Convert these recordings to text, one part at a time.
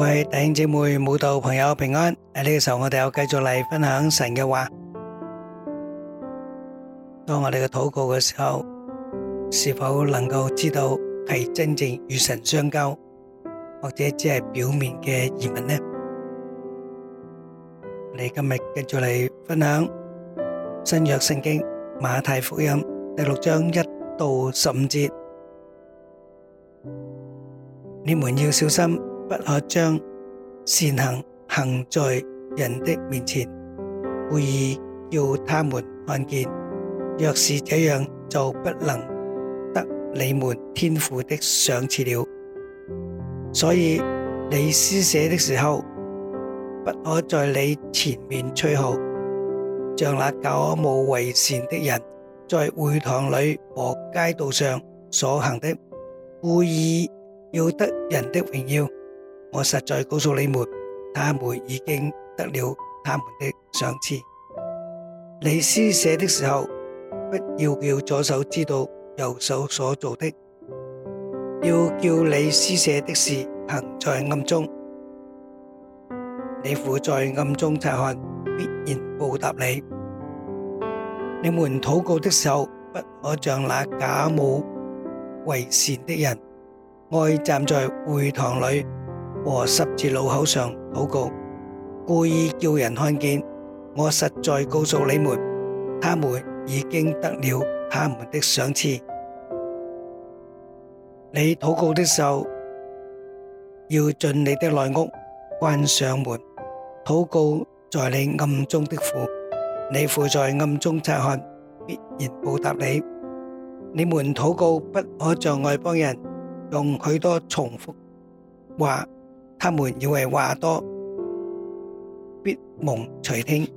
各位弟兄姊妹、慕道朋友平安。喺呢個時候，我哋又繼續嚟分享神嘅話。當我哋嘅禱告嘅時候，是否能夠知道係真正與神相交，或者只係表面嘅儀文呢？我哋今日繼續嚟分享新約聖經馬太福音第六章一到十五節。你們要小心。不可將善行行在人的面前，故意要他們看見。若是這樣，就不能得你們天父的賞賜了。所以你施捨的時候，不可在你前面吹號，像那假冒為善的人在會堂裏和街道上所行的，故意要得人的榮耀。，我實在告訴你們，他們已經得了他們的賞賜。你施捨的時候，不要叫左手知道右手所做的，要叫你施捨的事行在暗中，你父在暗中察看，必然報答你。你們禱告的時候，不可像那假冒為善的人，愛站在會堂裏和十字路口上禱告，故意叫人看見。我實在告訴你們，他們已經得了他們的賞賜。你禱告的時候，要進你的內屋，關上門，禱告在你暗中的父，你父在暗中察看，必然報答你。你們禱告不可像外邦人，用許多重複話。他們以為話多必蒙垂聽，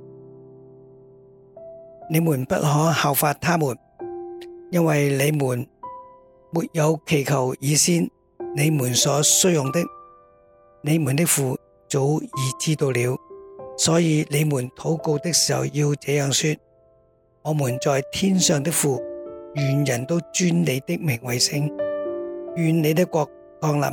你們不可效法他們，因為你們沒有祈求以先，你們所需用的，你們的父早已知道了。所以你們禱告的時候要這樣說：我們在天上的父，願人都尊你的名為聖，願你的國降臨。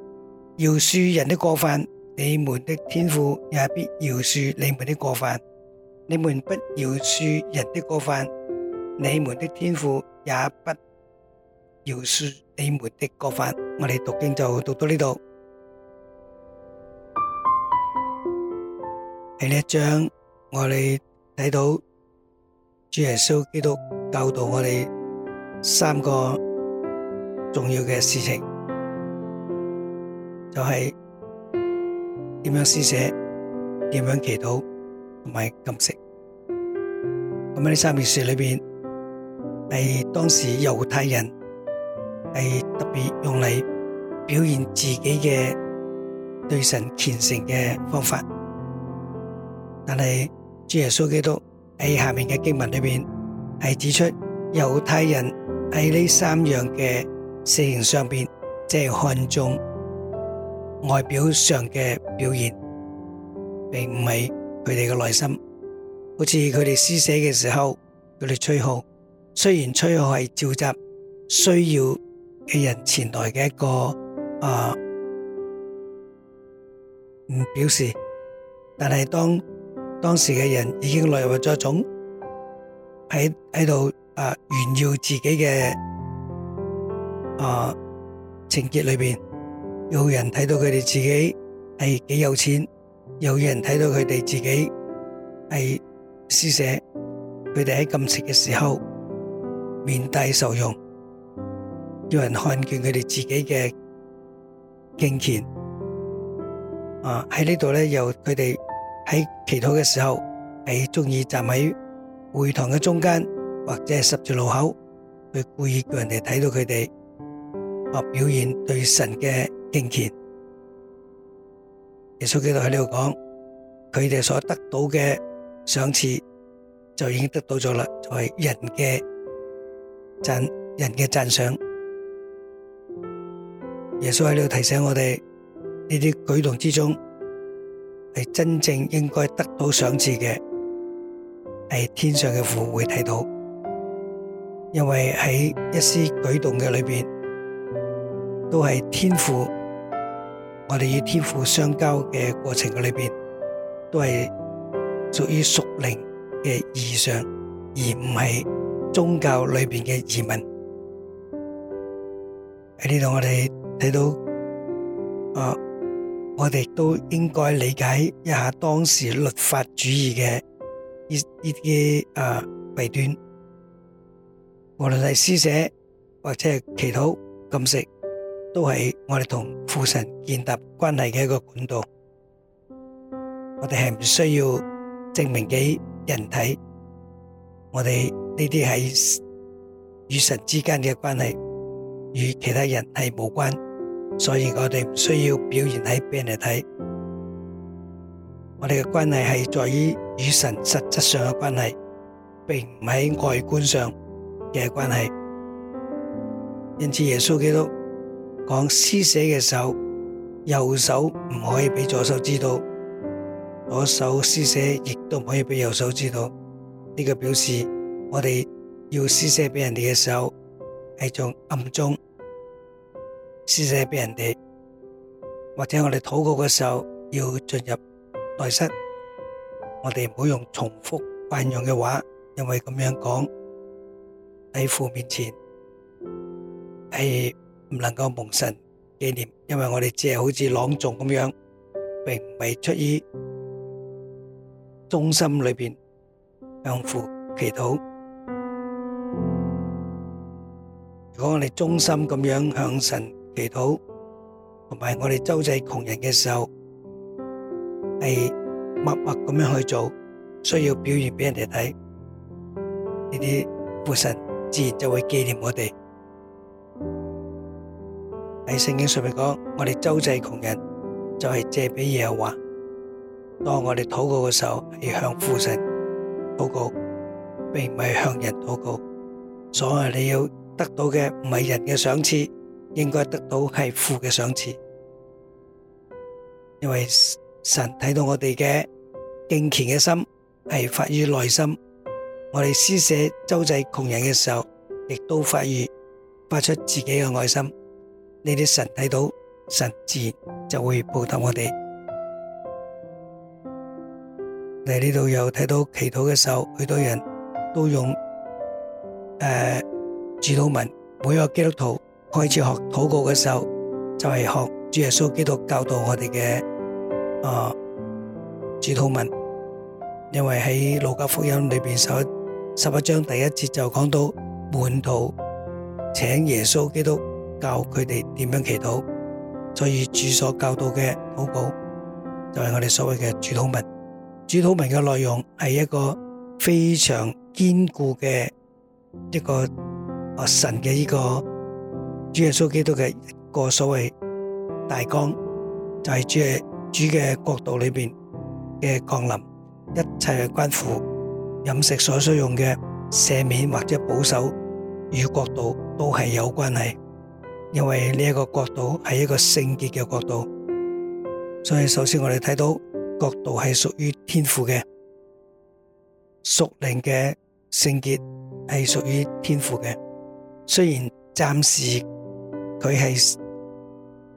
饒恕人的過犯，你們的天父也必饒恕你們的過犯。你們不饒恕人的過犯，你們的天父也不饒恕你們的過犯。我哋讀經就讀到呢度。喺呢一章，我哋睇到主耶穌基督教導我哋三個重要嘅事情。就係點樣施捨、點樣祈禱同埋禁食。咁呢三件事裏邊係當時猶太人係特別用嚟表現自己嘅對神虔誠嘅方法。但係主耶穌基督喺下面嘅經文裏邊係指出，猶太人喺呢三樣嘅事情上邊即係看重外表上的表現。有人睇到佢哋自己係幾有錢，有人睇到佢哋自己係施捨，佢哋喺禁食嘅時候面帶愁容，叫人看見佢哋自己嘅敬虔。啊，喺呢度咧，由佢哋喺祈禱嘅時候係中意站喺會堂嘅中間或者十字路口，去故意叫人哋睇到佢哋或表現對神嘅。敬虔，耶穌基督喺呢度講，佢哋所得到嘅賞賜就已經得到咗啦，就係人嘅讚，人嘅讚賞。耶穌喺呢度提醒我哋，呢啲舉動之中係真正應該得到賞賜嘅，係天上嘅父會睇到，因為喺一啲舉動嘅裏邊都係天父。我哋與天父相交嘅過程嘅裏邊，都係屬於屬靈嘅異常，而唔係宗教裏邊嘅移民。喺呢度我哋睇到，啊，我哋都應該理解一下當時律法主義嘅呢啲啊弊端，無論係施捨或者係祈禱禁食。都係我哋同父神建立關係嘅一個管道。我哋係唔需要證明俾人睇，我哋呢啲係與神之間嘅關係，與其他人係冇關。所以我哋唔需要表現喺俾人哋睇。我哋嘅關係係在於與神實質上嘅關係，並唔喺外觀上嘅關係。因此耶穌基督。講施捨嘅時候，右手唔可以俾左手知道，左手施捨亦都唔可以俾右手知道。呢、這個表示我哋要施捨俾人哋嘅時候係從暗中施捨俾人哋，或者我哋禱告嘅時候要進入內室，我哋唔好用重複慣用嘅話，因為咁樣講喺父面前係。唔能夠蒙神紀念，因為我哋只係好似朗誦噉樣。喺聖經上面講，我哋周濟窮人就係借俾耶和華。當我哋禱告嘅時候，係向父神禱告，並唔係向人禱告。所以你要得到嘅唔係人嘅賞賜，應該得到係父嘅賞賜。因為神睇到我哋嘅敬虔嘅心係發於內心，我哋施捨周濟窮人嘅時候，亦都發於發出自己嘅愛心。呢啲神睇到，神自然就會報答我哋。嚟呢度又睇到祈禱嘅時候，許多人都用誒主禱文。每個基督徒開始學禱告嘅時候，就係學主耶穌基督教導我哋嘅啊主禱文。因為喺《路加福音》裏邊十一十一章第一節就講到門徒請耶穌基督，教佢哋點樣祈禱，所以主所教導嘅禱告，就係我哋所謂嘅主禱文。主禱文嘅內容係一個非常堅固嘅一個啊神嘅呢個主耶穌基督嘅一個所謂大綱，就係、是、主嘅主嘅國度裏邊嘅降臨，一切關乎飲食所需用嘅赦免或者保守與國度都係有關係。因為呢一個國度係一個聖潔嘅國度，所以首先我哋睇到國度係屬於天父嘅，屬靈嘅聖潔係屬於天父嘅。雖然暫時佢係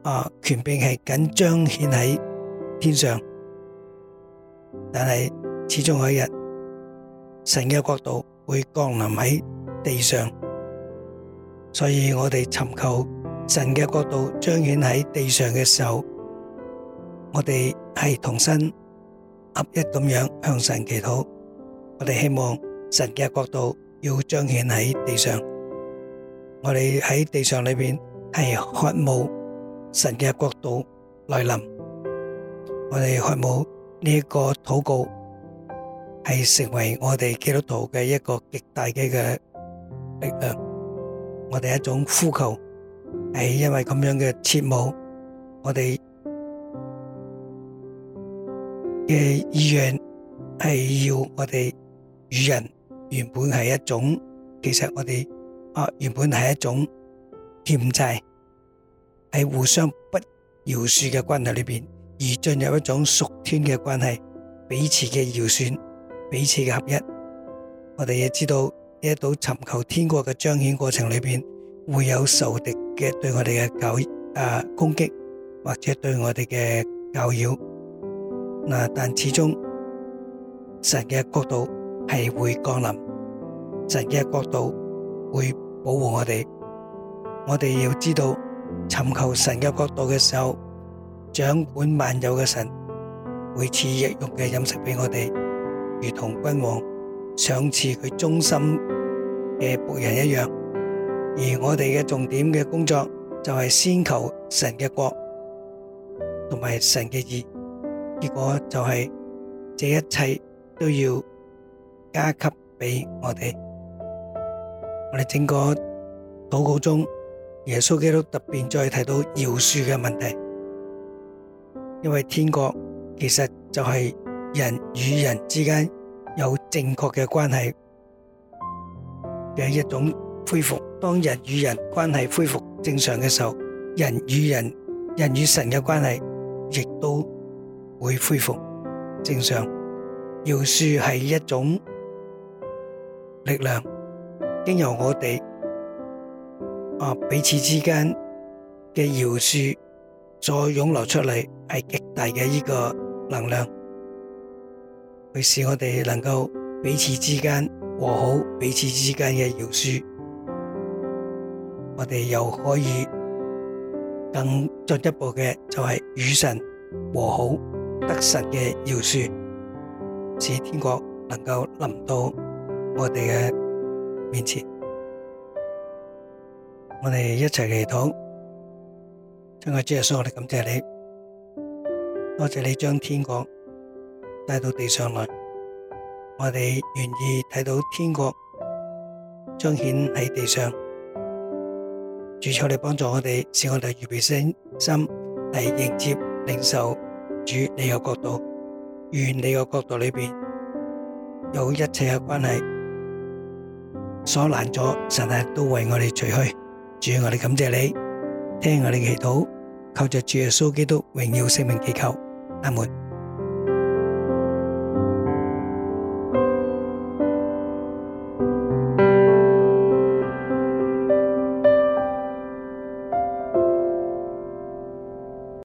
啊權柄係僅彰顯喺天上，但係始終有一日神嘅國度會降臨喺地上，所以我哋尋求。神嘅國度彰顯喺地上嘅時候，我哋係同心合一咁樣向神祈禱。我哋希望神嘅國度要彰顯喺地上。我哋喺地上裏邊係渴慕神嘅國度來臨。我哋渴慕呢一個禱告係成為我哋基督徒嘅一個極大嘅嘅力量。我哋一種呼求。係因為咁樣嘅切慕，我哋嘅意願係要我哋與人原本係一種，其實我哋啊原本係一種欠債，係互相不饒恕嘅關係裏邊，而進入一種屬天嘅關係，彼此嘅饒恕，彼此嘅合一。我哋亦知道喺度尋求天國嘅彰顯過程裏邊，會有仇敵。嘅對我哋嘅狗誒攻擊，或者對我哋嘅狗咬嗱，但始終神嘅國度係會降臨，神嘅國度會保護我哋。我哋要知道尋求神嘅國度嘅時候，掌管萬有嘅神會賜日用嘅飲食俾我哋，如同君王賞賜佢忠心嘅僕人一樣。而我哋嘅重點嘅工作就係先求神嘅國同埋神嘅義，結果就係這一切都要加給俾我哋。我哋整個禱告中，耶穌基督特別再提到饒恕嘅問題，因為天國其實就係人與人之間有正確嘅關係嘅一種恢復。當人與人關係恢復正常嘅時候，人與人、人與神嘅關係亦都會恢復正常。饒恕係一種力量，經由我哋啊彼此之間嘅饒恕再湧流出嚟，係極大嘅呢個能量，佢使我哋能夠彼此之間和好，彼此之間嘅饒恕。我哋又可以更進一步嘅，就係與神和好，得神嘅饒恕，使天國能夠臨到我哋嘅面前。我哋一齊祈禱，親愛主耶穌，我哋感謝你，多謝你將天國帶到地上來。我哋願意睇到天國彰顯喺地上。主，求你幫助我哋，使我哋預備身心，嚟迎接、領受主你的國度。願你的國度裏面，有一切的關係，所難咗，神都為我哋除去。主我地感謝你，聽我地祈禱，靠着主耶穌基督，榮耀聖名祈求，阿門。